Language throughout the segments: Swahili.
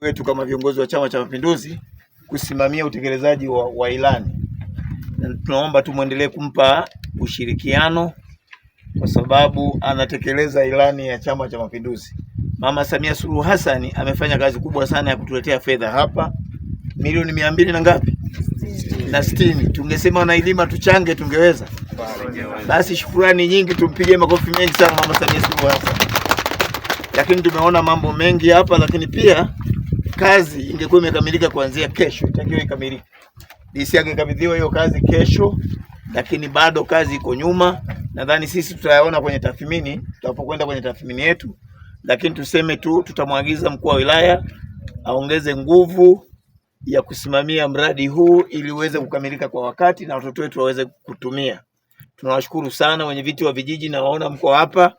wetu kama viongozi wa Chama cha Mapinduzi kusimamia utekelezaji wa, wa ilani. Tunaomba tu muendelee kumpa ushirikiano kwa sababu anatekeleza ilani ya Chama cha Mapinduzi. Mama Samia Suluhu Hassan amefanya kazi kubwa sana ya kutuletea fedha hapa milioni mia mbili na ngapi na sitini. Tungesema wanailima tuchange, tungeweza. Basi shukurani nyingi, tumpigie makofi mengi sana Mama Samia Suluhu Hassan. Lakini tumeona mambo mengi hapa, lakini pia kazi ingekuwa imekamilika kuanzia kesho, itakiwa ikamilike. DC angekabidhiwa hiyo kazi kesho, lakini bado kazi iko nyuma. Nadhani sisi tutayaona kwenye tathmini, tutapokwenda kwenye tathmini yetu, lakini tuseme tu tutamwagiza mkuu wa wilaya aongeze nguvu ya kusimamia mradi huu ili uweze kukamilika kwa wakati na watoto wetu waweze kutumia. Tunawashukuru sana wenye viti wa vijiji na waona mko hapa.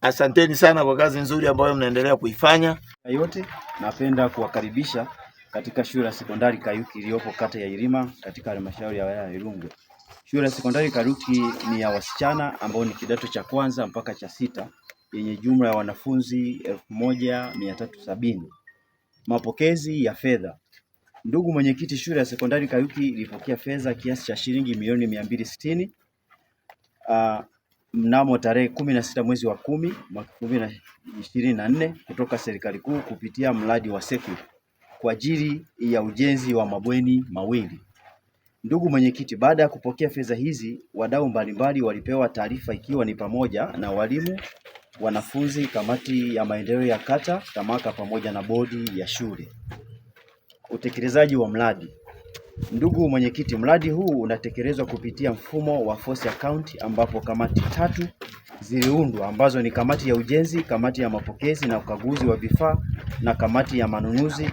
Asanteni sana kwa kazi nzuri ambayo mnaendelea kuifanya. Yote napenda kuwakaribisha katika shule ya sekondari Kayuki iliyopo kata ya Irima katika halmashauri ya wilaya ya Irungu. Shule ya sekondari Kayuki ni ya wasichana ambao ni kidato cha kwanza mpaka cha sita yenye jumla ya wanafunzi elfu moja mia tatu sabini. Mapokezi ya fedha. Ndugu mwenyekiti, shule ya sekondari Kayuki ilipokea fedha kiasi cha shilingi milioni mia mbili sitini. Uh, mnamo tarehe kumi na sita mwezi wa kumi mwaka elfu mbili na ishirini na nne kutoka serikali kuu kupitia mradi wa SEQUIP kwa ajili ya ujenzi wa mabweni mawili. Ndugu mwenyekiti, baada ya kupokea fedha hizi, wadau mbalimbali walipewa taarifa ikiwa ni pamoja na walimu, wanafunzi, kamati ya maendeleo ya kata, TAMAKA pamoja na bodi ya shule. Utekelezaji wa mradi Ndugu mwenyekiti, mradi huu unatekelezwa kupitia mfumo wa force account ambapo kamati tatu ziliundwa ambazo ni kamati ya ujenzi, kamati ya mapokezi na ukaguzi wa vifaa na kamati ya manunuzi.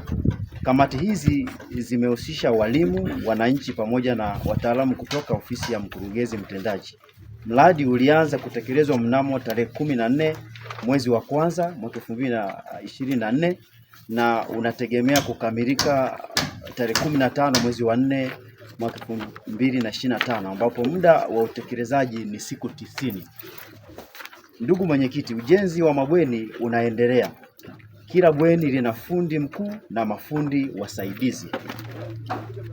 Kamati hizi zimehusisha walimu, wananchi pamoja na wataalamu kutoka ofisi ya mkurugenzi mtendaji. Mradi ulianza kutekelezwa mnamo tarehe kumi na nne mwezi wa kwanza mwaka elfu mbili na ishirini na nne na unategemea kukamilika tarehe kumi na tano mwezi wa nne mwaka elfu mbili na ishirini na tano ambapo muda wa utekelezaji ni siku tisini. Ndugu mwenyekiti, ujenzi wa mabweni unaendelea. Kila bweni lina fundi mkuu na mafundi wasaidizi.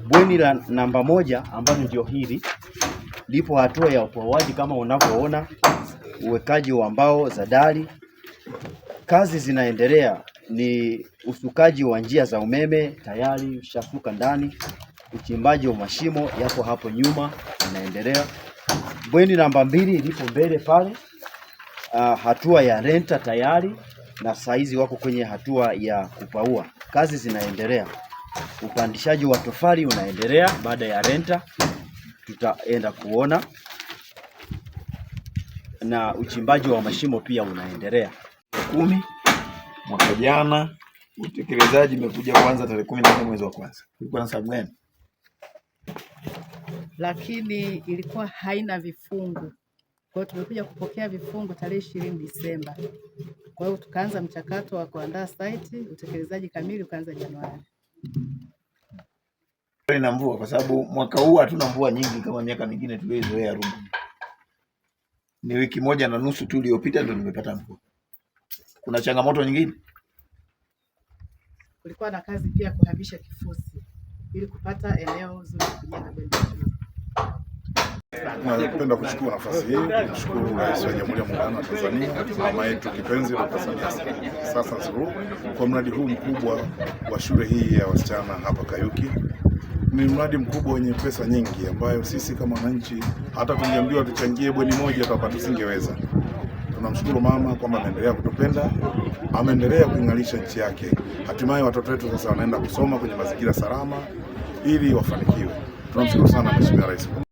Bweni la namba moja ambalo ndio hili lipo hatua ya upoaji kama unavyoona, uwekaji wa mbao za dari, kazi zinaendelea ni usukaji wa njia za umeme, tayari ushasuka ndani. Uchimbaji wa mashimo yapo hapo nyuma inaendelea. Bweni namba mbili ilipo mbele pale, uh, hatua ya renta tayari, na saizi wako kwenye hatua ya kupaua. Kazi zinaendelea, upandishaji wa tofali unaendelea. Baada ya renta, tutaenda kuona na uchimbaji wa mashimo pia unaendelea. kumi mwaka jana, utekelezaji umekuja kwanza tarehe kumi na nne mwezi wa kwanza. Kulikuwa na sababu gani? Lakini ilikuwa haina vifungu, kwa hiyo tumekuja kupokea vifungu tarehe ishirini Disemba. Kwa hiyo tukaanza mchakato wa kuandaa site, utekelezaji kamili ukaanza Januari na mvua kwa sababu mwaka huu hatuna mvua nyingi kama miaka mingine tuliyozoea. Rungwe. Ni wiki moja na nusu tu iliyopita ndio nimepata mvua. Kuna changamoto nyingine? Kulikuwa na kazi pia kuhamisha kifusi ili kupata eneo zuri kujenga benki. Napenda kuchukua nafasi hii kumshukuru Rais wa Jamhuri ya Muungano wa Tanzania, mama yetu kipenzi Dkt. Samia Hassan Suluhu kwa mradi huu mkubwa wa shule hii ya wasichana hapa Kayuki. Ni mradi mkubwa wenye pesa nyingi ambayo sisi kama wananchi hata tungeambiwa tuchangie bweni moja hapa tusingeweza tunamshukuru mama kwamba ameendelea kutupenda, ameendelea kuing'alisha nchi yake. Hatimaye watoto wetu sasa wanaenda kusoma kwenye mazingira salama ili wafanikiwe. Tunamshukuru sana Mheshimiwa Rais.